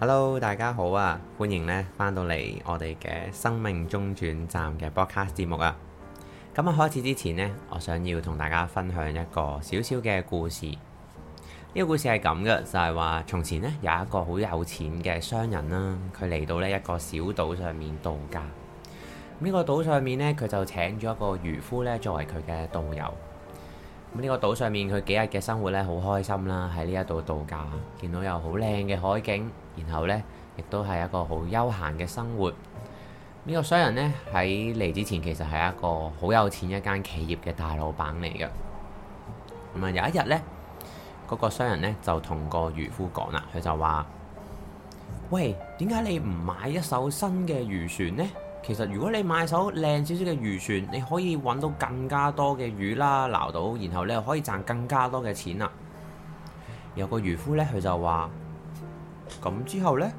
hello，大家好啊！歡迎咧返到嚟，我哋嘅生命中轉站嘅 broadcast 節目啊。咁啊，開始之前呢，我想要同大家分享一個小小嘅故事。呢、這個故事係咁嘅，就係、是、話從前呢有一個好有錢嘅商人啦，佢嚟到呢一個小島上面度假。呢、這個島上面呢，佢就請咗一個漁夫呢作為佢嘅導遊。咁、這、呢個島上面，佢幾日嘅生活呢，好開心啦，喺呢一度度假，見到有好靚嘅海景。然後呢，亦都係一個好悠閒嘅生活。呢個商人呢，喺嚟之前，其實係一個好有錢一間企業嘅大老闆嚟嘅。咁啊，有一日呢，嗰個商人呢，就同個漁夫講啦，佢就話：喂，點解你唔買一艘新嘅漁船呢？其實如果你買艘靚少少嘅漁船，你可以揾到更加多嘅魚啦，撈到，然後你又可以賺更加多嘅錢啦。有個漁夫呢，佢就話。咁之後呢，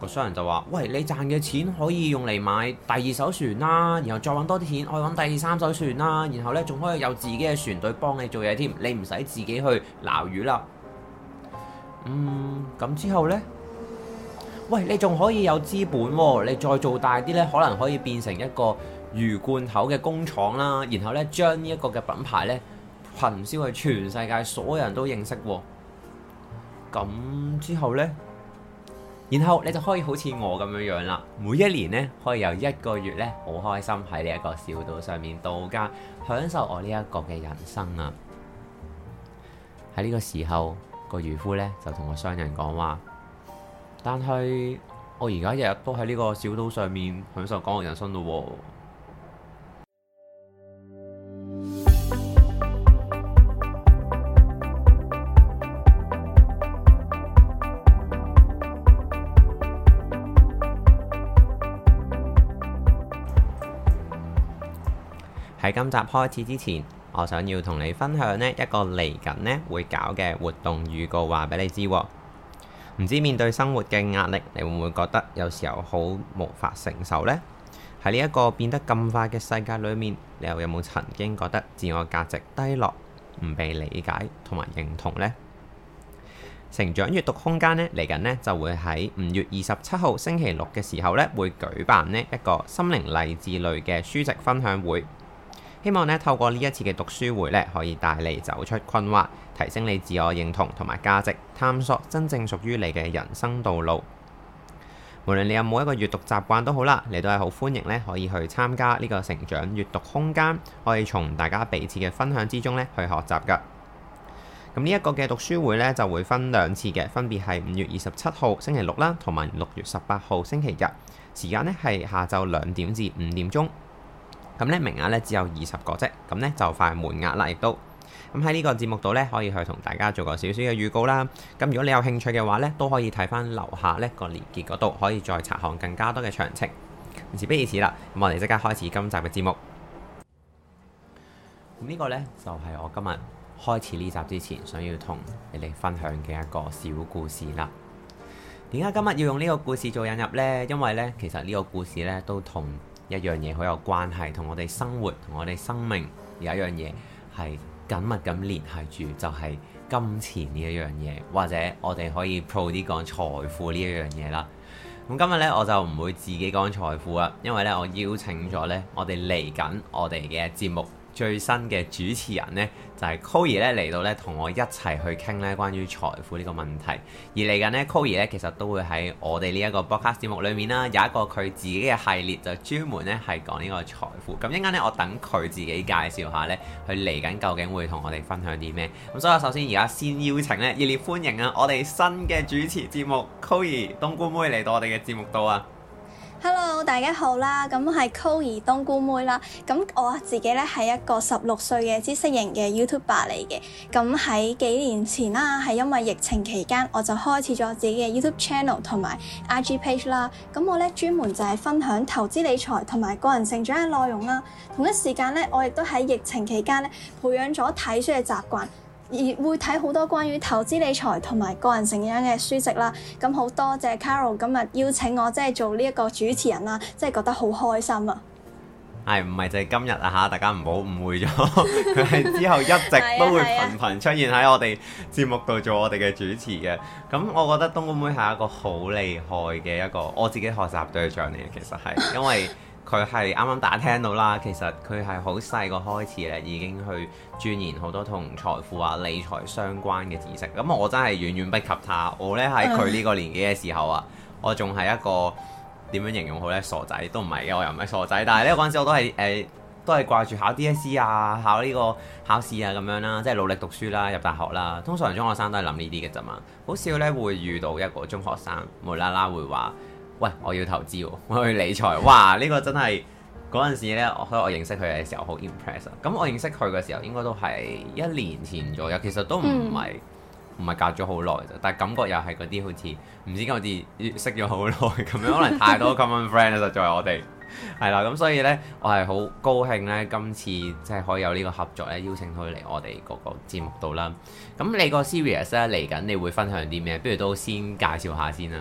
個商人就話：「喂，你賺嘅錢可以用嚟買第二艘船啦，然後再揾多啲錢，可揾第二、三艘船啦，然後呢，仲可以有自己嘅船隊幫你做嘢添，你唔使自己去撈魚啦。嗯，咁之後呢，「喂，你仲可以有資本，你再做大啲呢，可能可以變成一個魚罐頭嘅工廠啦，然後呢，將呢一個嘅品牌呢，焚燒去全世界，所有人都認識。咁之後呢，然後你就可以好似我咁樣樣啦，每一年呢，可以有一個月呢，好開心喺呢一個小島上面度假，享受我呢一個嘅人生啊！喺呢個時候，個漁夫呢，就同個商人講話：但係我而家日日都喺呢個小島上面享受港澳人生咯、啊。喺今集開始之前，我想要同你分享呢一個嚟緊呢會搞嘅活動預告，話俾你知。唔知面對生活嘅壓力，你會唔會覺得有時候好無法承受呢？喺呢一個變得咁快嘅世界裏面，你又有冇曾經覺得自我價值低落、唔被理解同埋認同呢？成長悅讀空間呢嚟緊呢就會喺五月二十七號星期六嘅時候呢會舉辦呢一個心靈勵志類嘅書籍分享會。希望呢透過呢一次嘅讀書會呢，可以帶你走出困惑，提升你自我認同同埋價值，探索真正屬於你嘅人生道路。無論你有冇一個閱讀習慣都好啦，你都係好歡迎呢可以去參加呢個成長閱讀空間，可以從大家彼此嘅分享之中呢去學習噶。咁呢一個嘅讀書會呢，就會分兩次嘅，分別係五月二十七號星期六啦，同埋六月十八號星期日，時間呢係下晝兩點至五點鐘。咁呢名額呢，只有二十個啫，咁呢，就快滿額啦，亦都咁喺呢個節目度呢，可以去同大家做個少少嘅預告啦。咁如果你有興趣嘅話呢，都可以睇返樓下呢個連結嗰度，可以再查看更加多嘅詳情。唔止如此啦，咁我哋即刻開始今集嘅節目。咁呢個呢，就係我今日開始呢集之前想要同你哋分享嘅一個小故事啦。點解今日要用呢個故事做引入呢？因為呢，其實呢個故事呢，都同一樣嘢好有關係，同我哋生活同我哋生命有一樣嘢係緊密咁聯繫住，就係金錢呢一樣嘢，或者我哋可以 pro 啲講財富呢一樣嘢啦。咁今日呢，我就唔會自己講財富啦，因為呢，我邀請咗呢，我哋嚟緊我哋嘅節目，最新嘅主持人呢，就係 Chloe 咧，嚟到呢，同我一齊去傾呢關於財富呢個問題，而嚟緊呢 Chloe 咧、e、其實都會喺我哋呢一個播客節目裏面啦、啊，有一個佢自己嘅系列，就專門呢係講呢個財富，咁一陣間咧我等佢自己介紹下呢，佢嚟緊究竟會同我哋分享啲咩，咁所以我首先而家先邀請呢，熱烈歡迎啊我哋新嘅主持節目 Chloe 冬菇妹嚟到我哋嘅節目度啊！Hello，大家好啦，咁係 Chloe 冬菇妹啦。咁我自己咧係一個十六歲嘅知識型嘅 YouTuber 嚟嘅。咁喺幾年前啦，係因為疫情期間，我就開始咗自己嘅 YouTube channel 同埋 IG page 啦。咁我咧專門就係分享投資理財同埋個人成長嘅內容啦。同一時間咧，我亦都喺疫情期間咧培養咗睇書嘅習慣。而會睇好多關於投資理財同埋個人成長嘅書籍啦。咁好多謝 Carol 今日邀請我即係做呢一個主持人啦，即係覺得好開心啊！係唔係就係今日啊？嚇，大家唔好誤會咗，佢係 之後一直都會頻頻出現喺我哋節目度做我哋嘅主持嘅。咁我覺得冬菇妹係一個好厲害嘅一個我自己學習對象嚟，其實係因為。佢係啱啱打聽到啦，其實佢係好細個開始咧，已經去鑽研好多同財富啊、理財相關嘅知識。咁我真係遠遠不及他。我呢，喺佢呢個年紀嘅時候啊，我仲係一個點樣形容好呢？傻仔都唔係嘅，我又唔係傻仔。但係咧，嗰陣時，我都係誒，都係掛住考 DSE 啊，考呢個考試啊咁樣啦，即係努力讀書啦，入大學啦。通常中學生都係諗呢啲嘅咋嘛，好少呢會遇到一個中學生無啦啦會話。喂，我要投資喎，我去理財。哇，呢個真係嗰陣時呢，所以我認識佢嘅時候好 impress 啊。咁我認識佢嘅時候應該都係一年前左右，其實都唔係唔係隔咗好耐咋，但感覺又係嗰啲好似唔知我哋識咗好耐咁樣，可能太多 common friend 啦。 實在我哋係啦。咁所以呢，我係好高興呢，今次即係可以有呢個合作呢，邀請佢嚟我哋嗰個節目度啦。咁你個 series 呢嚟緊，你會分享啲咩？不如都先介紹下先啦。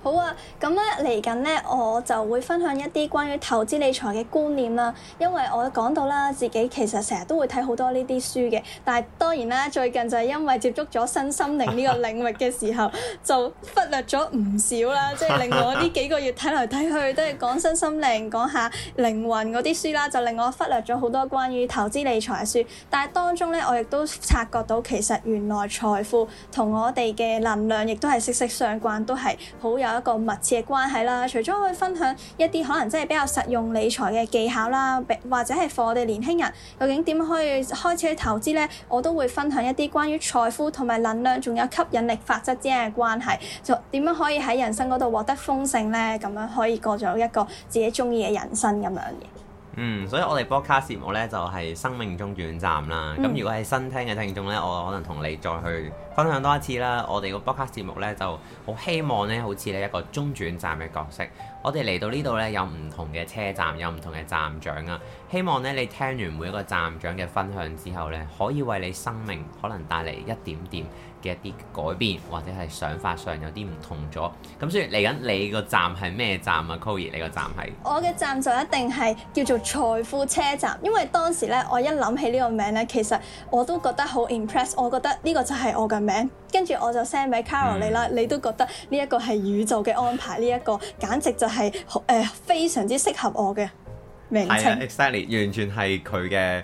好啊，咁咧嚟緊呢，我就會分享一啲關於投資理財嘅觀念啦。因為我講到啦，自己其實成日都會睇好多呢啲書嘅，但係當然啦，最近就係因為接觸咗身心靈呢個領域嘅時候， 就忽略咗唔少啦。即係令我呢幾個月睇嚟睇去都係講身心靈、講下靈魂嗰啲書啦，就令我忽略咗好多關於投資理財嘅書。但係當中呢，我亦都察覺到其實原來財富同我哋嘅能量亦都係息息相關，都係好有。有一個密切嘅關係啦，除咗去分享一啲可能真係比較實用理財嘅技巧啦，或者係 for 我哋年輕人究竟點可以開始去投資呢？我都會分享一啲關於財富同埋能量仲有吸引力法則之間嘅關係，就點樣可以喺人生嗰度獲得豐盛呢？咁樣可以過咗一個自己中意嘅人生咁樣嘅。嗯，所以我哋播客節目呢，就係、是、生命中轉站啦。咁、嗯、如果係新聽嘅聽眾呢，我可能同你再去分享多一次啦。我哋個播客節目呢，就好希望呢好似呢一個中轉站嘅角色。我哋嚟到呢度呢，有唔同嘅車站，有唔同嘅站長啊。希望呢，你聽完每一個站長嘅分享之後呢，可以為你生命可能帶嚟一點點嘅一啲改變或者係想法上有啲唔同咗，咁所以嚟緊你個站係咩站啊？Chloe，你個站係？我嘅站就一定係叫做財富車站，因為當時咧我一諗起呢個名咧，其實我都覺得好 impress，我覺得呢個就係我嘅名，跟住我就 send 俾 Chloe 你啦，嗯、你都覺得呢一個係宇宙嘅安排，呢、這、一個簡直就係、是、誒、呃、非常之適合我嘅名、啊、exactly, 完全係佢嘅。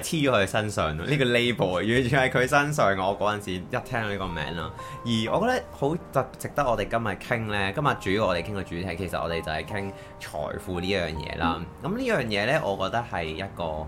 就黐咗佢身上呢，呢個 label 完全喺佢身上。我嗰陣時一聽到呢個名啦，而我覺得好值值得我哋今日傾呢。今日主要我哋傾嘅主題，其實我哋就係傾財富呢樣嘢啦。咁呢樣嘢呢，我覺得係一個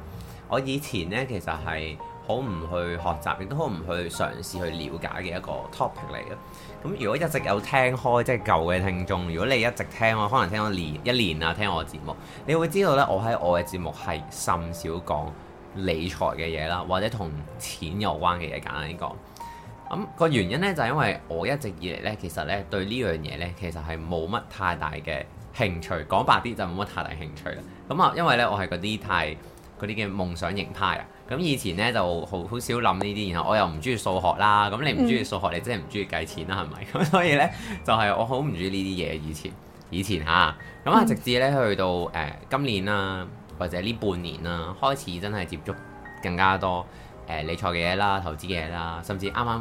我以前呢，其實係好唔去學習，亦都好唔去嘗試去了解嘅一個 topic 嚟嘅。咁如果一直有聽開即係舊嘅聽眾，如果你一直聽我，可能聽我年一年啊聽我嘅節目，你會知道呢，我喺我嘅節目係甚少講。理財嘅嘢啦，或者同錢有關嘅嘢揀呢個。咁個原因呢就係、是、因為我一直以嚟呢，其實呢對呢樣嘢呢，其實係冇乜太大嘅興趣。講白啲就冇乜太大興趣啦。咁啊，因為呢，我係嗰啲太嗰啲嘅夢想型派啊。咁以前呢，就好好少諗呢啲，然後我又唔中意數學啦。咁你唔中意數學，你真係唔中意計錢啦，係咪？咁、嗯、 所以呢，就係、是、我好唔中意呢啲嘢。以前以前吓，咁啊直至呢去到誒、呃、今年啦、啊。或者呢半年啦，開始真係接觸更加多誒理財嘅嘢啦、投資嘅嘢啦，甚至啱啱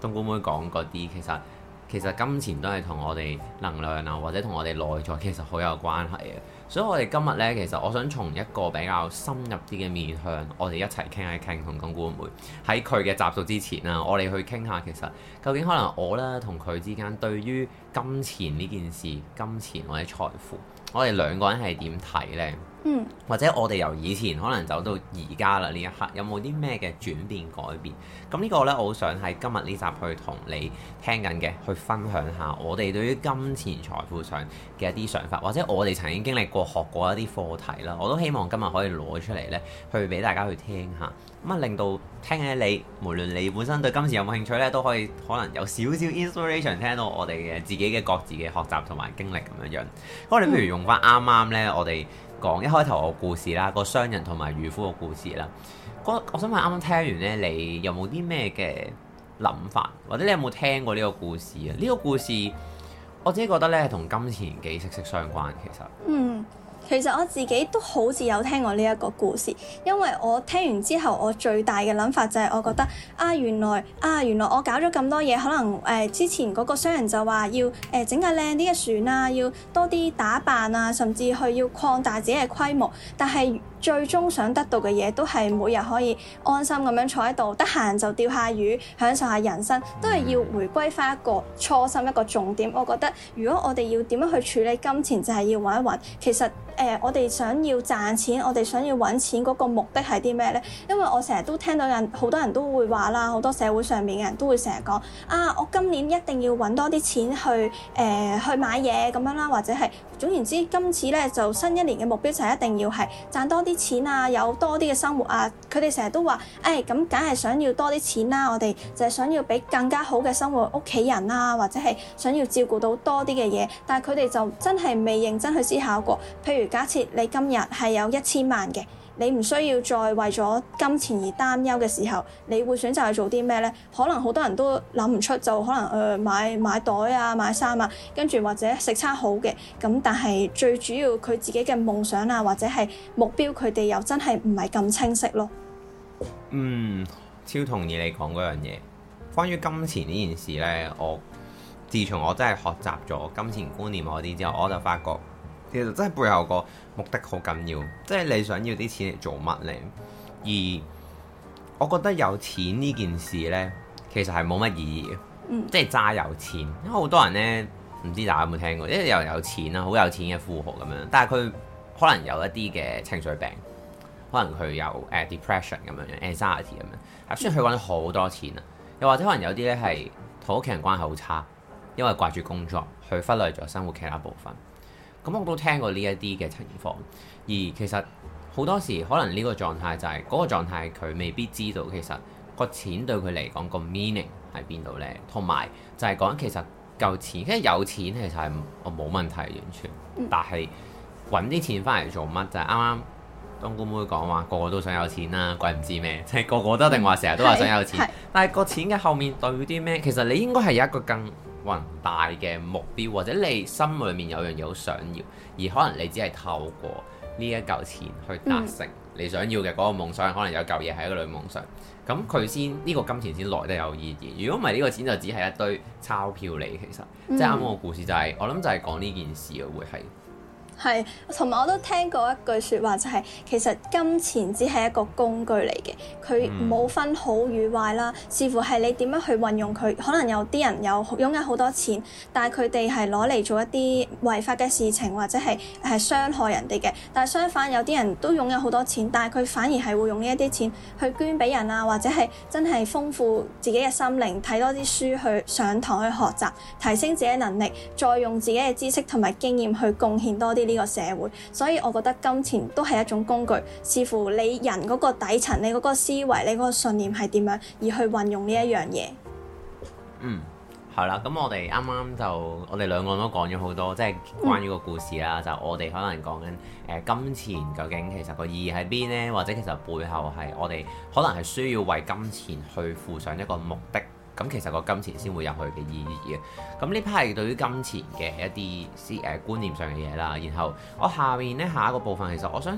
冬菇妹講嗰啲，其實其實金錢都係同我哋能量啊，或者同我哋內在其實好有關係嘅。所以我哋今日呢，其實我想從一個比較深入啲嘅面向，我哋一齊傾一傾，同冬菇妹喺佢嘅集數之前啊，我哋去傾下其實究竟可能我咧同佢之間對於金錢呢件事、金錢或者財富，我哋兩個人係點睇呢？嗯，或者我哋由以前可能走到而家啦呢一刻，有冇啲咩嘅轉變改變？咁呢個呢，我想喺今日呢集去同你聽緊嘅，去分享下我哋對於金錢財富上嘅一啲想法，或者我哋曾經經歷過學過一啲課題啦，我都希望今日可以攞出嚟呢，去俾大家去聽下，咁啊令到聽緊你，無論你本身對金錢有冇興趣呢，都可以可能有少少 inspiration 聽到我哋嘅自己嘅各自嘅學習同埋經歷咁樣樣。咁你譬如用返啱啱呢，我哋。講一開頭個故事啦，個商人同埋漁夫個故事啦。我想問啱啱聽完咧，你有冇啲咩嘅諗法，或者你有冇聽過呢個故事啊？呢個故事我自己覺得咧，係同金錢幾息息相關其實。嗯。其實我自己都好似有聽過呢一個故事，因為我聽完之後，我最大嘅諗法就係我覺得啊，原來啊，原來我搞咗咁多嘢，可能誒、呃、之前嗰個商人就話要誒、呃、整個靚啲嘅船啊，要多啲打扮啊，甚至去要擴大自己嘅規模，但係，最終想得到嘅嘢都係每日可以安心咁樣坐喺度，得閒就釣下魚，享受下人生，都係要回歸返一個初心一個重點。我覺得如果我哋要點樣去處理金錢，就係、是、要穩一穩。其實誒、呃，我哋想要賺錢，我哋想要揾錢嗰個目的係啲咩呢？因為我成日都聽到人好多人都會話啦，好多社會上面嘅人都會成日講啊，我今年一定要揾多啲錢去誒、呃、去買嘢咁樣啦，或者係總言之，今次呢就新一年嘅目標就係一定要係賺多啲。錢啊，有多啲嘅生活啊！佢哋成日都話，誒，咁梗係想要多啲錢啦、啊。我哋就係想要俾更加好嘅生活屋企人啦、啊，或者係想要照顧到多啲嘅嘢，但係佢哋就真係未認真去思考過。譬如假設你今日係有一千萬嘅，你唔需要再為咗金錢而擔憂嘅時候，你會選擇去做啲咩呢？可能好多人都諗唔出，就可能誒、呃、買買袋啊、買衫啊，跟住或者食餐好嘅。咁但係最主要佢自己嘅夢想啊，或者係目標，佢哋又真係唔係咁清晰咯。嗯，超同意你講嗰樣嘢。關於金錢呢件事呢，我自從我真係學習咗金錢觀念嗰啲之後，我就發覺。其實真係背後個目的好緊要，即係你想要啲錢嚟做乜呢？而我覺得有錢呢件事呢，其實係冇乜意義嘅，嗯、即係揸有錢。因為好多人呢，唔知大家有冇聽過，因為又有錢啊，好有錢嘅富豪咁樣。但係佢可能有一啲嘅情緒病，可能佢有誒、uh, depression 咁樣 anxiety 咁樣。雖然佢揾好多錢啊，又或者可能有啲呢係同屋企人關係好差，因為掛住工作，佢忽略咗生活其他部分。咁我都聽過呢一啲嘅情況，而其實好多時可能呢個狀態就係嗰個狀態，佢未必知道其實個錢對佢嚟講個 meaning 喺邊度咧，同埋就係講其實夠錢，因為有錢其實係我冇問題完全，但係揾啲錢翻嚟做乜就係啱啱冬菇妹講話，個個都想有錢啦、啊，鬼唔知咩，即、就、係、是、個個都一定話成日都話想有錢，嗯、但係個錢嘅後面代表啲咩？其實你應該係有一個更。宏大嘅目標，或者你心裏面有樣嘢好想要，而可能你只係透過呢一嚿錢去達成你想要嘅嗰個夢想，嗯、可能有嚿嘢係一個女夢想，咁佢先呢、呢個金錢先來得有意義。如果唔係，呢個錢就只係一堆鈔票嚟，其實即係啱我個故事就係、是，嗯、我諗就係講呢件事會係。係，同埋我都聽過一句說話就係其實金錢只係一個工具嚟嘅，佢冇分好與壞啦。視乎係你點樣去運用佢，可能有啲人有擁有好多錢，但係佢哋係攞嚟做一啲違法嘅事情，或者係係傷害人哋嘅。但係相反，有啲人都擁有好多錢，但係佢反而係會用呢一啲錢去捐俾人啊，或者係真係豐富自己嘅心靈，睇多啲書去上堂去學習，提升自己嘅能力，再用自己嘅知識同埋經驗去貢獻多啲。呢個社會，所以我覺得金錢都係一種工具，視乎你人嗰個底層、你嗰個思維、你嗰個信念係點樣，而去運用呢一樣嘢。嗯，係啦，咁我哋啱啱就我哋兩個人都講咗好多，即係關於個故事啦。嗯、就我哋可能講緊誒，金錢究竟其實個意義喺邊呢？或者其實背後係我哋可能係需要為金錢去附上一個目的。咁其實個金錢先會有佢嘅意義嘅，咁呢 part 係對於金錢嘅一啲思誒、呃、觀念上嘅嘢啦。然後我下面呢，下一個部分其實我想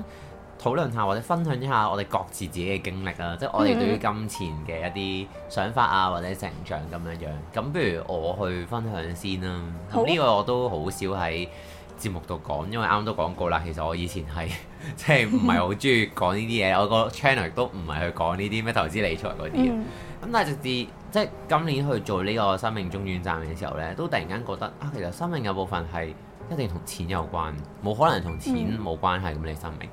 討論下或者分享一下我哋各自自己嘅經歷啦，啊，即係我哋對於金錢嘅一啲想法啊或者成長咁樣樣。咁不如我去分享先啦，咁呢好個我都好少喺節目度講，因為啱啱都講過啦。其實我以前係即係唔係好中意講呢啲嘢， 我個 channel 都唔係去講呢啲咩投資理財嗰啲啊。咁、嗯、但係直至即今年去做呢個生命終轉站嘅時候呢，都突然間覺得啊，其實生命有部分係一定同錢有關，冇可能同錢冇關係咁你生命。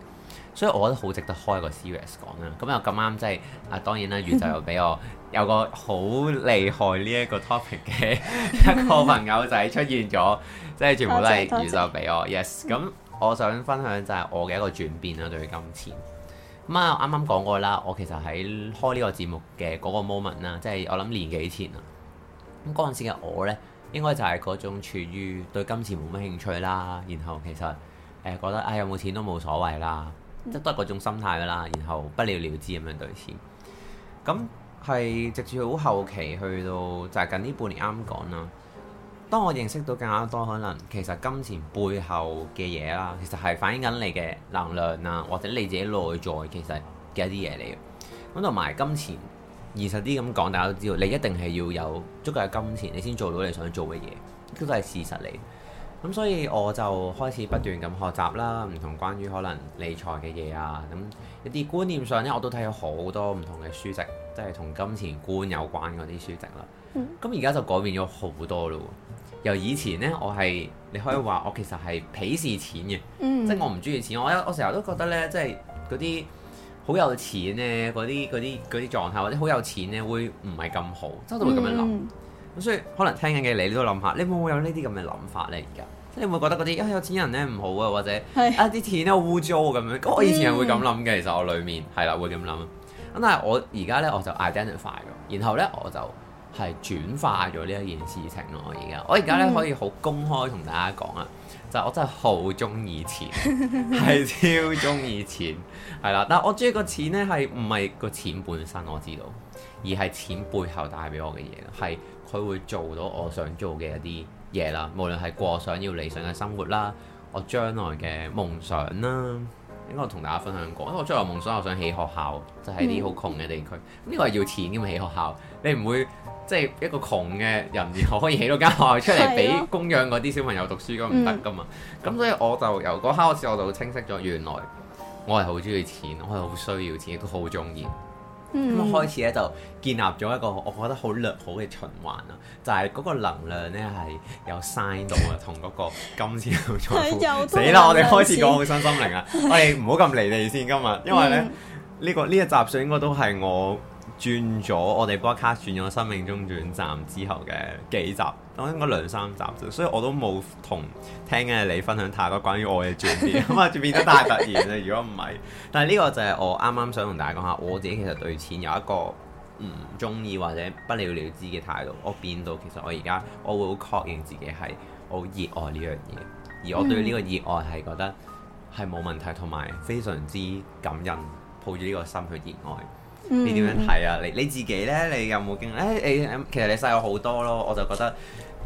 所以，我覺得好值得開一個 series 講。就是」啦。咁又咁啱，即係啊，當然啦，宇宙又俾我有個好厲害呢一個 topic 嘅一個朋友仔出現咗， 即係全部都係宇宙俾我。Yes，咁、嗯、我想分享就係我嘅一個轉變啦，對於金錢。咁啊，啱啱講過啦，我其實喺開呢個節目嘅嗰個 moment 啦，即係我諗年幾前呀。咁嗰陣時嘅我呢，應該就係嗰種處於對金錢冇乜興趣啦，然後其實誒覺得唉、哎、有冇錢都冇所謂啦，即係都係嗰種心態噶啦，然後不了了之咁樣對錢。咁係直至好後期去到就係近呢半年啱講啦。當我認識到更加多可能，其實金錢背後嘅嘢啦，其實係反映緊你嘅能量啊，或者你自己內在其實嘅一啲嘢嚟。咁同埋金錢，現實啲咁講，大家都知道，你一定係要有足夠嘅金錢，你先做到你想做嘅嘢，都係事實嚟。咁所以我就開始不斷咁學習啦，唔同關於可能理財嘅嘢啊，咁一啲觀念上咧，我都睇咗好多唔同嘅書籍，即係同金錢觀有關嗰啲書籍啦。咁而家就改變咗好多咯。由以前咧，我係你可以話我其實係鄙視錢嘅，嗯、即係我唔中意錢。我有我成日都覺得咧，即係嗰啲好有錢咧，嗰啲嗰啲啲狀態或者好有錢咧，會唔係咁好。真係會咁樣諗。咁、嗯、所以可能聽緊嘅你，你都諗下，你會唔會有，有，有呢啲咁嘅諗法咧？而家即係你會唔會覺得嗰啲有錢人咧，唔好啊，或者是啊啲錢啊污糟咁樣。咁、嗯、我以前係會咁諗嘅，其實我裏面係啦會咁諗。咁但係我而家咧我就 identify 咗，然後咧我就。係轉化咗呢一件事情咯，我而家我而家咧可以好公開同大家講啊，嗯、就係我真係好中意錢，係 超中意錢，係啦，但係我中意個錢咧係唔係個錢本身我知道，而係錢背後帶俾我嘅嘢，係佢會做到我想做嘅一啲嘢啦，無論係過想要理想嘅生活啦，我將來嘅夢想啦，應該我同大家分享過，因為我將來夢想我想起學校，就係啲好窮嘅地區，呢個係要錢嘅嘛，起學校你唔會。即係一個窮嘅人，然後可以起到間學校出嚟俾的供養嗰啲小朋友讀書，咁唔得㗎嘛。咁、嗯、所以我就由嗰刻開始，我就清晰咗，原來我係好鍾意錢，我係好需要錢，亦都好鍾意。咁、嗯、開始咧就建立咗一個我覺得好良好嘅循環啦。就係、是、嗰個能量咧係有嘥到啊，同嗰 個金錢有在乎。死啦！ 我哋開始講好身心靈啊！ 我哋唔好咁離地先今日，因為咧呢、這個呢、這個、一集上應該都係我。轉咗，我哋播客轉咗《生命中轉站》之後嘅幾集，我應該兩三集啫，所以我都冇同聽嘅你分享太多關於我嘅轉變，咁啊 變得太突然啦！如果唔係，但係呢個就係我啱啱想同大家講下，我自己其實對錢有一個唔鍾意或者不了了之嘅態度。我變到其實我而家我會好確認自己係好熱愛呢樣嘢，而我對呢個熱愛係覺得係冇問題，同埋非常之感恩，抱住呢個心去熱愛。你點樣睇啊？你你自己咧，你有冇經歷？哎，你其實你細我好多咯，我就覺得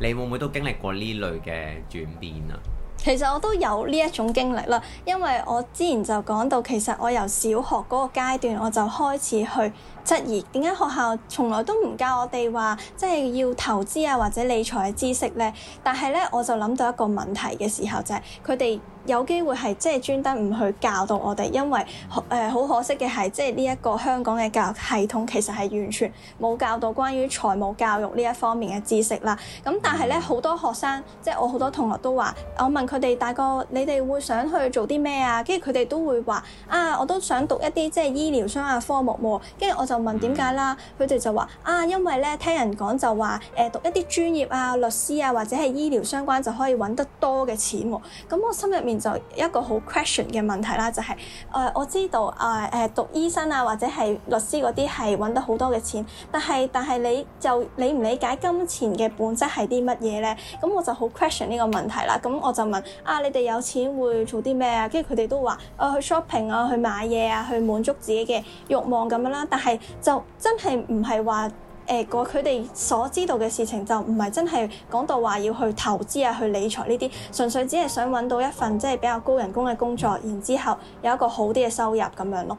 你會唔會都經歷過呢類嘅轉變啊？其實我都有呢一種經歷啦，因為我之前就講到，其實我由小學嗰個階段我就開始去質疑點解學校從來都唔教我哋話即係要投資啊或者理財嘅知識咧，但係咧我就諗到一個問題嘅時候就係佢哋。有機會係即係專登唔去教到我哋，因為誒好、呃、可惜嘅係，即係呢一個香港嘅教育系統其實係完全冇教到關於財務教育呢一方面嘅知識啦。咁但係咧好多學生，即係我好多同學都話，我問佢哋大個，你哋會想去做啲咩啊？跟住佢哋都會話啊，我都想讀一啲即係醫療相關、啊、科目喎。跟住我就問點解啦，佢哋就話啊，因為咧聽人講就話誒讀一啲專業啊、律師啊或者係醫療相關就可以揾得多嘅錢喎、啊。咁我心入面。就一個好 question 嘅問題啦，就係、是，誒、呃、我知道誒誒、呃、讀醫生啊或者係律師嗰啲係揾得好多嘅錢，但係但係你就理唔理解金錢嘅本質係啲乜嘢咧？咁我就好 question 呢個問題啦。咁我就問啊，你哋有錢會做啲咩啊？跟住佢哋都話，誒、呃、去 shopping 啊，去買嘢啊，去滿足自己嘅欲望咁樣啦。但係就真係唔係話。誒、個佢哋所知道嘅事情就唔係真係講到話要去投資啊、去理財呢啲，純粹只係想揾到一份即係比較高人工嘅工作，然之後有一個好啲嘅收入咁樣咯。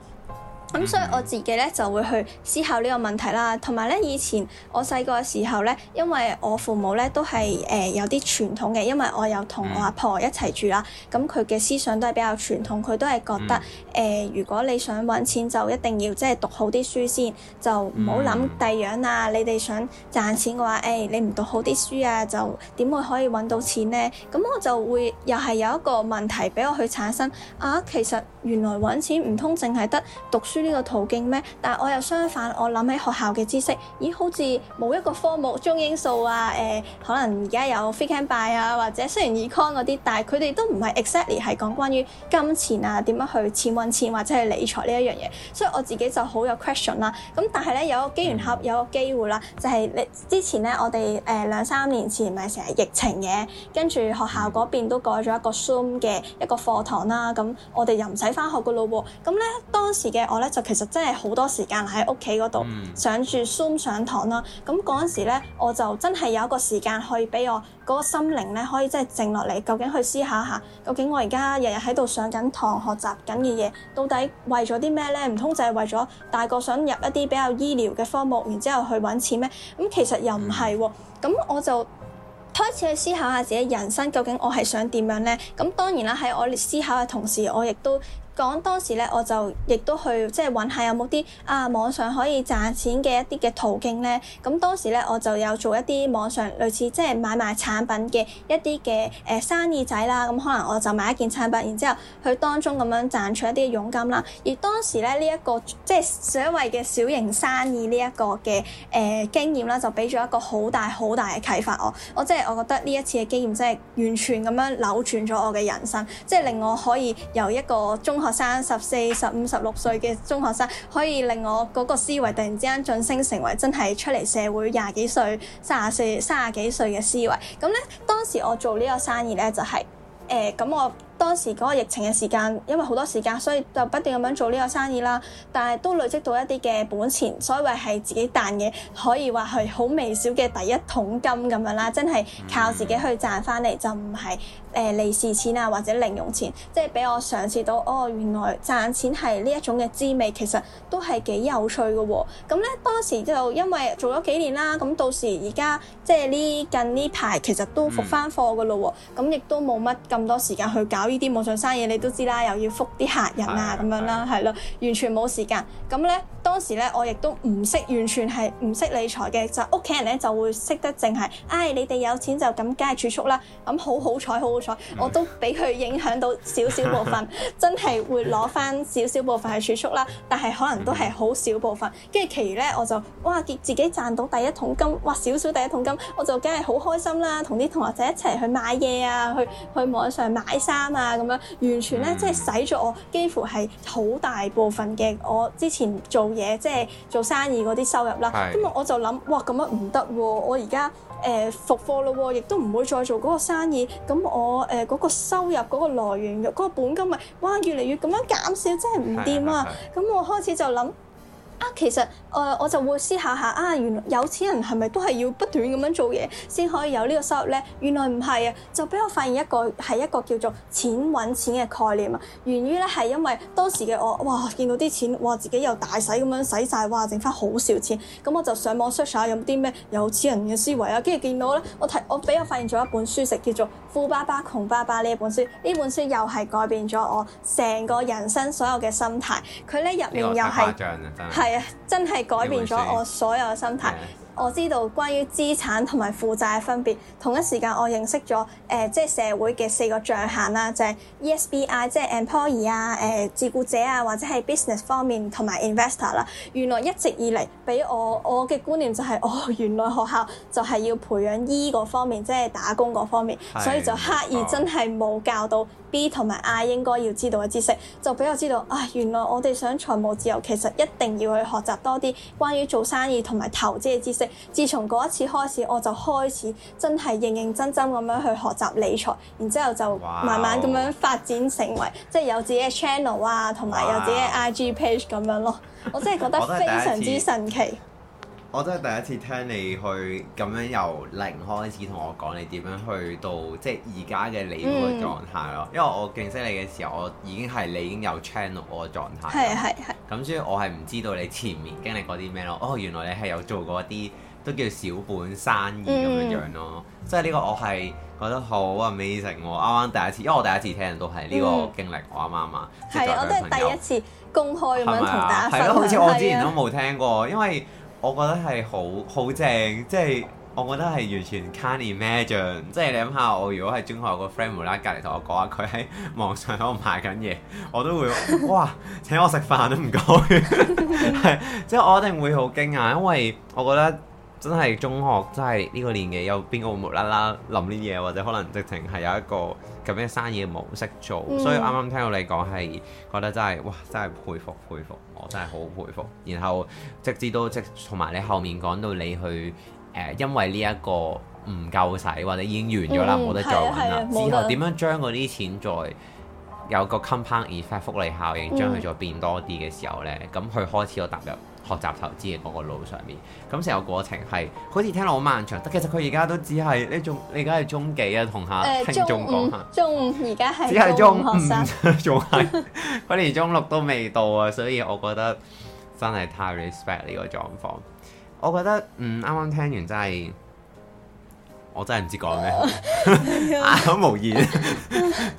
咁、嗯、所以我自己咧就會去思考呢個問題啦，同埋咧以前我細個嘅時候咧，因為我父母咧都係誒、呃、有啲傳統嘅，因為我有同我阿婆一齊住啦，咁佢嘅思想都係比較傳統，佢都係覺得誒、嗯呃，如果你想揾錢就一定要即係讀好啲書先，就唔好諗第樣啊！你哋想賺錢嘅話，誒、哎、你唔讀好啲書啊，就點會可以揾到錢呢？咁我就會又係有一個問題俾我去產生啊，其實原來揾錢唔通淨係得讀書呢個途徑咩？但係我又相反，我諗起學校嘅知識，咦？好似冇一個科目中英數啊，誒、呃，可能而家有 fee can buy 啊，或者雖然 econ 嗰啲，但係佢哋都唔係 exactly 係講關於金錢啊，點樣去錢揾錢或者係理財呢一樣嘢，所以我自己就好有 question 啦。咁但係咧有個機緣盒有個機會啦，就係、是、你之前咧，我哋誒兩三年前咪成日疫情嘅，跟住學校嗰邊都改咗一個 zoom 嘅一個課堂啦。咁我哋又唔使翻學嘅嘞喎。咁咧當時嘅我咧。就其實真係好多時間喺屋企嗰度想住 zoom、嗯、上堂啦，咁嗰陣時咧，我就真係有一個時間去俾我嗰個心靈咧，可以真係靜落嚟，究竟去思考下，究竟我而家日日喺度上緊堂學習緊嘅嘢，到底為咗啲咩咧？唔通就係為咗大個想入一啲比較醫療嘅科目，然之後去搵錢咩？咁其實又唔係喎，咁我就開始去思考下自己人生究竟我係想點樣咧？咁當然啦，喺我思考嘅同時，我亦都。講當時咧，我就亦都去即係揾下有冇啲啊網上可以賺錢嘅一啲嘅途徑呢。咁當時咧，我就有做一啲網上類似即係買賣產品嘅一啲嘅誒生意仔啦。咁可能我就買一件產品，然之後去當中咁樣賺取一啲佣金啦。而當時咧呢一個即係所謂嘅小型生意呢、呃、一個嘅誒經驗啦，就俾咗一個好大好大嘅啟發我。我即係我覺得呢一次嘅經驗真係完全咁樣扭轉咗我嘅人生，即係令我可以由一個中學生十四、十五、十六歲嘅中學生，可以令我嗰個思維突然之間晉升，成為真係出嚟社會廿幾歲、三十四、三十幾歲嘅思維。咁咧，當時我做呢個生意咧，就係、是、誒、咁、呃、我。當時嗰個疫情嘅時間，因為好多時間，所以就不斷咁樣做呢個生意啦。但係都累積到一啲嘅本錢，所謂係自己彈嘢，可以話係好微小嘅第一桶金咁樣啦。真係靠自己去賺翻嚟，就唔係誒利是錢啊，或者零用錢。即係俾我嘗試到，哦，原來賺錢係呢一種嘅滋味，其實都係幾有趣嘅喎、哦。咁咧，當時就因為做咗幾年啦，咁到時而家即係呢近呢排，其實都復翻貨嘅咯喎。咁亦都冇乜咁多時間去搞。呢啲網上生意你都知啦，又要覆啲客人啊，咁、哎、呀樣啦，係咯，完全冇時間。咁咧，當時咧我亦都唔識，完全係唔識理財嘅，就屋、是、企人咧就會識得，淨係，唉，你哋有錢就咁，梗係儲蓄啦。咁好好彩，好好彩，我都俾佢影響到少少部分， 真係會攞翻少少部分去儲蓄啦。但係可能都係好少部分，跟住其餘咧我就，哇，自己賺到第一桶金，哇，少少第一桶金，我就梗係好開心啦，同啲同學仔一齊去買嘢啊，去去網上買衫、啊。啊，咁樣完全咧，即係使咗我幾乎係好大部分嘅我之前做嘢，即係做生意嗰啲收入啦。咁我是的 我就諗，哇，咁樣唔得喎！我而家誒復課咯，喎，亦都唔會再做嗰個生意。咁我誒嗰個收入嗰個來源嘅嗰個本金咪，哇，越嚟越咁樣減少，真係唔掂啊！咁我開始就諗。啊，其實，誒、呃，我就會思考下，啊，原來有錢人係咪都係要不斷咁樣做嘢先可以有呢個收入呢？原來唔係啊，就俾我發現一個係一個叫做錢搵錢嘅概念啊。源於呢，係因為當時嘅我，哇，見到啲錢，哇，自己又大使咁樣使晒，哇，剩翻好少錢。咁我就上網 search 下有啲咩有，有錢人嘅思維啊，跟住見到呢，我提我俾我發現咗一本書食叫做，富爸爸窮爸爸呢本書，呢本書又係改變咗我成個人生所有嘅心態。佢咧入面又係，係啊，真係改變咗我所有嘅心態。我知道關於資產同埋負債嘅分別，同一時間我認識咗誒、呃、即係社會嘅四個象限啦，就係、是、ESBI，即係 employee 啊、呃、誒自雇者啊，或者係 business 方面同埋 investor 啦。原來一直以嚟俾我我嘅觀念就係、是、哦，原來學校就係要培養 E 嗰方面，即係打工嗰方面，是所以就刻意真係冇教到 B 同埋 I 應該要知道嘅知識，就俾我知道啊，原來我哋想財務自由，其實一定要去學習多啲關於做生意同埋投資嘅知識。自從嗰一次開始，我就開始真係認認真真咁樣去學習理財，然之後就慢慢咁樣發展成為 Wow. 即係有自己嘅 channel 啊，同埋有自己嘅 IG page 咁 Wow. 樣咯。我真係覺得非常之神奇。 我真係第一次聽你去咁樣由零開始同我講你點樣去到即係而家嘅你嗰個狀態咯，嗯、因為我認識你嘅時候，我已經係你已經有 channel 我嘅狀態。係係係。咁所以，我係唔知道你前面經歷過啲咩咯？哦，原來你係有做過一啲都叫小本生意咁樣樣咯，即係呢個我係覺得好 Amazing、哦。啱啱第一次，因為我第一次聽到係呢個經歷、嗯剛剛，我啱啱嘛係我都係第一次公開咁樣同、啊、大家分享係咯、啊啊，好似我之前都冇聽過，因為。我覺得係好好正，即係我覺得係完全 can't imagine，即係你諗下，我如果係中學有個 friend 無啦隔離同我講話，佢喺網上度賣緊嘢，我都會哇，請我食飯都唔該，係 即係我一定會好驚訝，因為我覺得。真係中學，真係呢個年紀，有邊個會無啦啦諗啲嘢，或者可能直情係有一個咁嘅生意模式做。嗯、所以啱啱聽到你講，係覺得真係哇，真係佩服佩服，我真係好，好佩服。然後直至到即同埋你後面講到你去誒、呃，因為呢一個唔夠使，或者已經完咗啦，冇、嗯、得再揾啦。啊啊、之後點樣將嗰啲錢再有個 compound effect 複利效應，將佢再變多啲嘅時候呢？咁佢、嗯、開始有踏入。學習投資嘅嗰個路上面，咁成個過程係好似聽落好漫長，但其實佢而家都只係呢種，你而家係中幾啊，同下、呃、聽眾講下，中五而家係只係中五，仲係佢連中六都未到啊，所以我覺得真係太 respect 呢個狀況。我覺得嗯，啱啱聽完真係，我真係唔知講咩，啞口 無言，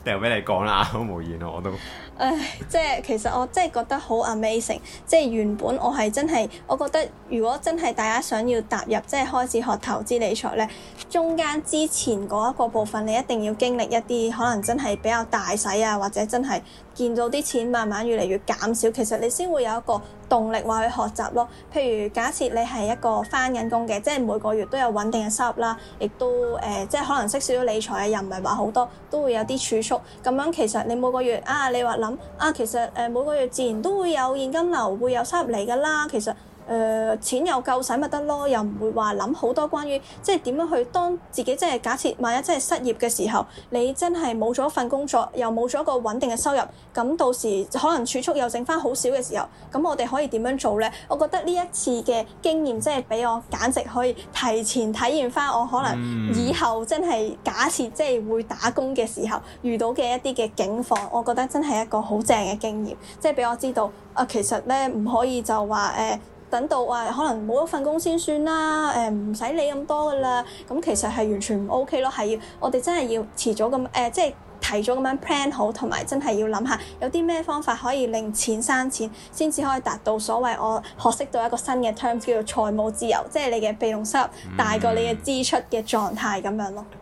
掉俾 你講啦，啞口無言，我都。唉，即係其實我真係覺得好 amazing，即係原本我係真係，我覺得如果真係大家想要踏入即係開始學投資理財呢，中間之前嗰一個部分你一定要經歷一啲可能真係比較大使啊，或者真係。見到啲錢慢慢越嚟越減少，其實你先會有一個動力話去學習咯。譬如假設你係一個返緊工嘅，即係每個月都有穩定嘅收入啦，亦都誒、呃，即係可能識少少理財啊，又唔係話好多，都會有啲儲蓄。咁樣其實你每個月啊，你話諗啊，其實誒每個月自然都會有現金流，會有收入嚟㗎啦。其實。誒、呃、錢又夠使咪得咯，又唔會話諗好多關於即係點樣去當自己即係假設萬一真係失業嘅時候，你真係冇咗份工作，又冇咗個穩定嘅收入，咁到時可能儲蓄又剩翻好少嘅時候，咁我哋可以點樣做呢？我覺得呢一次嘅經驗，即係俾我簡直可以提前體驗翻我可能以後真係、嗯、假設即係會打工嘅時候遇到嘅一啲嘅境況，我覺得真係一個好正嘅經驗，即係俾我知道啊、呃，其實呢唔可以就話誒。呃等到話可能冇一份工先算啦，誒唔使理咁多噶啦。咁其實係完全唔 OK 咯，係要我哋真係要遲早咁誒、呃，即係提早咁樣 plan 好，同埋真係要諗下有啲咩方法可以令錢生錢，先至可以達到所謂我學識到一個新嘅 term 叫做財務自由，即係你嘅被動收入，大過你嘅支出嘅狀態咁樣咯、嗯。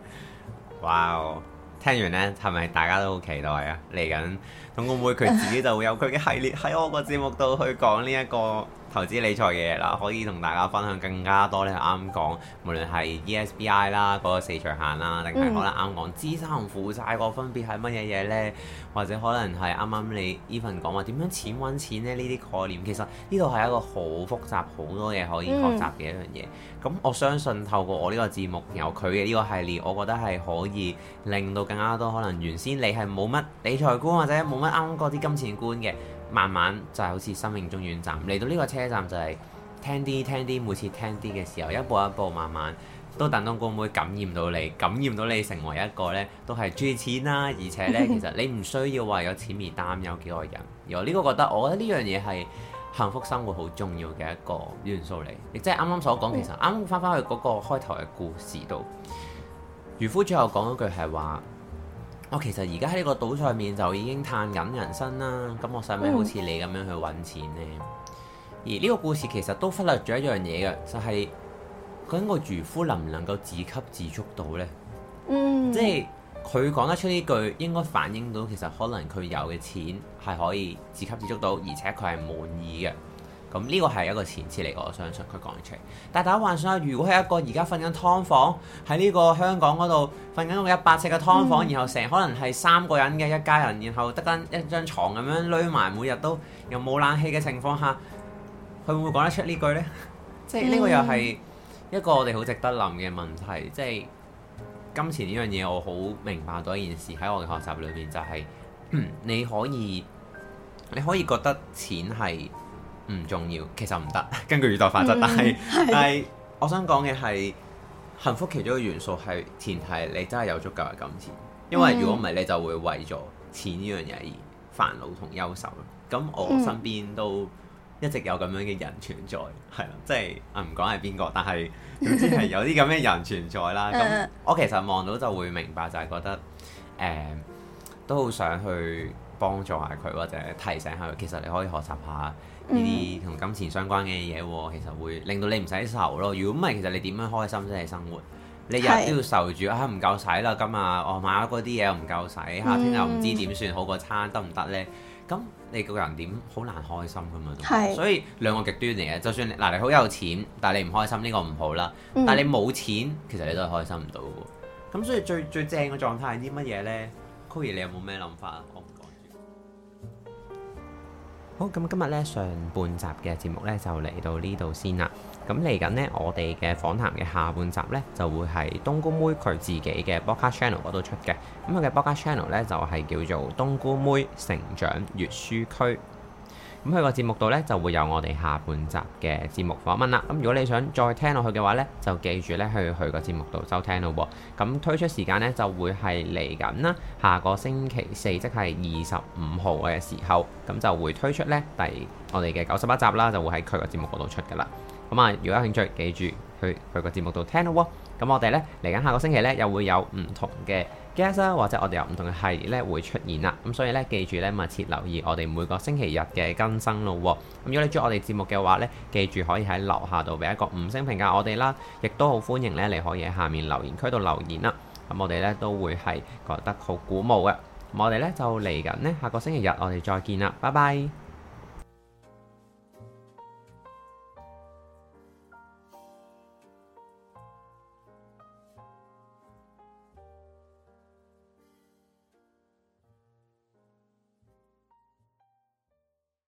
哇！聽完呢，係咪大家都好期待啊？嚟緊會唔會佢自己 就會有佢嘅系列喺我個節目度去講呢、這、一個？投資理財嘅嘢啦，可以同大家分享更加多咧。啱講，無論係 ESBI 啦，嗰、那個四象限啦，定係可能啱講資產同負債個分別係乜嘢嘢呢？或者可能係啱啱你依份講話點樣錢揾錢呢？呢啲概念其實呢度係一個好複雜，好多嘢可以學習嘅一樣嘢。咁、嗯、我相信透過我呢個節目，然後佢嘅呢個系列，我覺得係可以令到更加多可能原先你係冇乜理財觀或者冇乜啱啱嗰啲金錢觀嘅。慢慢就係、是、好似生命中轉站，嚟到呢個車站就係聽啲聽啲，每次聽啲嘅時候，一步一步慢慢都等到會唔會感染到你，感染到你成為一個呢？都係注意錢啦，而且呢，其實你唔需要為咗錢而擔憂幾個人。而我呢個覺得，我覺得呢樣嘢係幸福生活好重要嘅一個元素嚟，亦即係啱啱所講，其實啱啱翻翻去嗰個開頭嘅故事度，漁夫最後講嗰句係話。我其實而家喺呢個島上面就已經嘆緊人生啦，咁我使唔使好似你咁樣去揾錢呢？嗯、而呢個故事其實都忽略咗一樣嘢嘅，就係、是、嗰個漁夫能唔能夠自給自足到呢？嗯、即係佢講得出呢句，應該反映到其實可能佢有嘅錢係可以自給自足到，而且佢係滿意嘅。咁呢個係一個前設嚟，我相信佢講得出。但大家幻想下，如果係一個而家瞓緊劏房喺呢個香港嗰度，瞓緊個一百尺嘅劏房，嗯、然後成可能係三個人嘅一家人，然後得間一張床咁樣攣埋，每日都又冇冷氣嘅情況下，佢會唔會講得出呢句呢？即係呢個又係一個我哋好值得諗嘅問題。即係金錢呢樣嘢，我好明白到一件事喺我嘅學習裏面，就係、是嗯、你可以你可以覺得錢係。唔重要，其實唔得，根據宇宙法則。但係但係，我想講嘅係幸福其中嘅元素係前提，你真係有足夠嘅金錢。因為如果唔係，你就會為咗錢呢樣嘢而煩惱同憂愁。咁我身邊都一直有咁樣嘅人存在，係啦、嗯，即係唔講係邊個，但係總之係有啲咁嘅人存在啦。咁 我其實望到就會明白，就係覺得誒、嗯、都好想去幫助下佢，或者提醒下佢，其實你可以學習下。呢啲同金錢相關嘅嘢、哦，其實會令到你唔使愁咯。如果唔係，其實你點樣開心即係生活？你日是都要愁住啊，唔、哎、夠使啦，今日我買咗嗰啲嘢唔夠使，下次又唔知點算，好個餐得唔得呢？咁、嗯、你個人點好難開心噶嘛？以是所以兩個極端嚟嘅。就算嗱，你好有錢，但係你唔開心，呢、呢個唔好啦。但係你冇錢，其實你都係開心唔到嘅。咁所以最最正嘅狀態係啲乜嘢呢？Koyi，你有冇咩諗法啊？好，咁今日咧上半集嘅節目咧就嚟到呢度先啦。咁嚟緊呢，我哋嘅訪談嘅下半集呢，就會係冬菇妹佢自己嘅 Podcast Channel 嗰度出嘅。咁佢嘅 Podcast Channel 咧就係、是、叫做冬菇妹成長閱書區。咁佢個節目度呢，就會有我哋下半集嘅節目訪問啦。咁如果你想再聽落去嘅話呢，就記住呢去去佢個節目度收聽咯喎。咁推出時間呢就會係嚟緊啦，下個星期四即係二十五號嘅時候，咁就會推出呢第我哋嘅九十八集啦，就會喺佢個節目嗰度出噶啦。咁啊，如果有興趣，記住去去佢個節目度聽咯喎。咁我哋呢嚟緊下個星期呢又會有唔同嘅。或者我哋有唔同嘅系列咧會出現啦，咁所以咧記住咧密切留意我哋每個星期日嘅更新咯喎。咁如果你鍾意我哋節目嘅話咧，記住可以喺樓下度俾一個五星評價我哋啦，亦都好歡迎咧你可以喺下面留言區度留言啦。咁、嗯、我哋咧都會係覺得好鼓舞嘅、嗯。我哋咧就嚟緊呢下個星期日我哋再見啦，拜拜。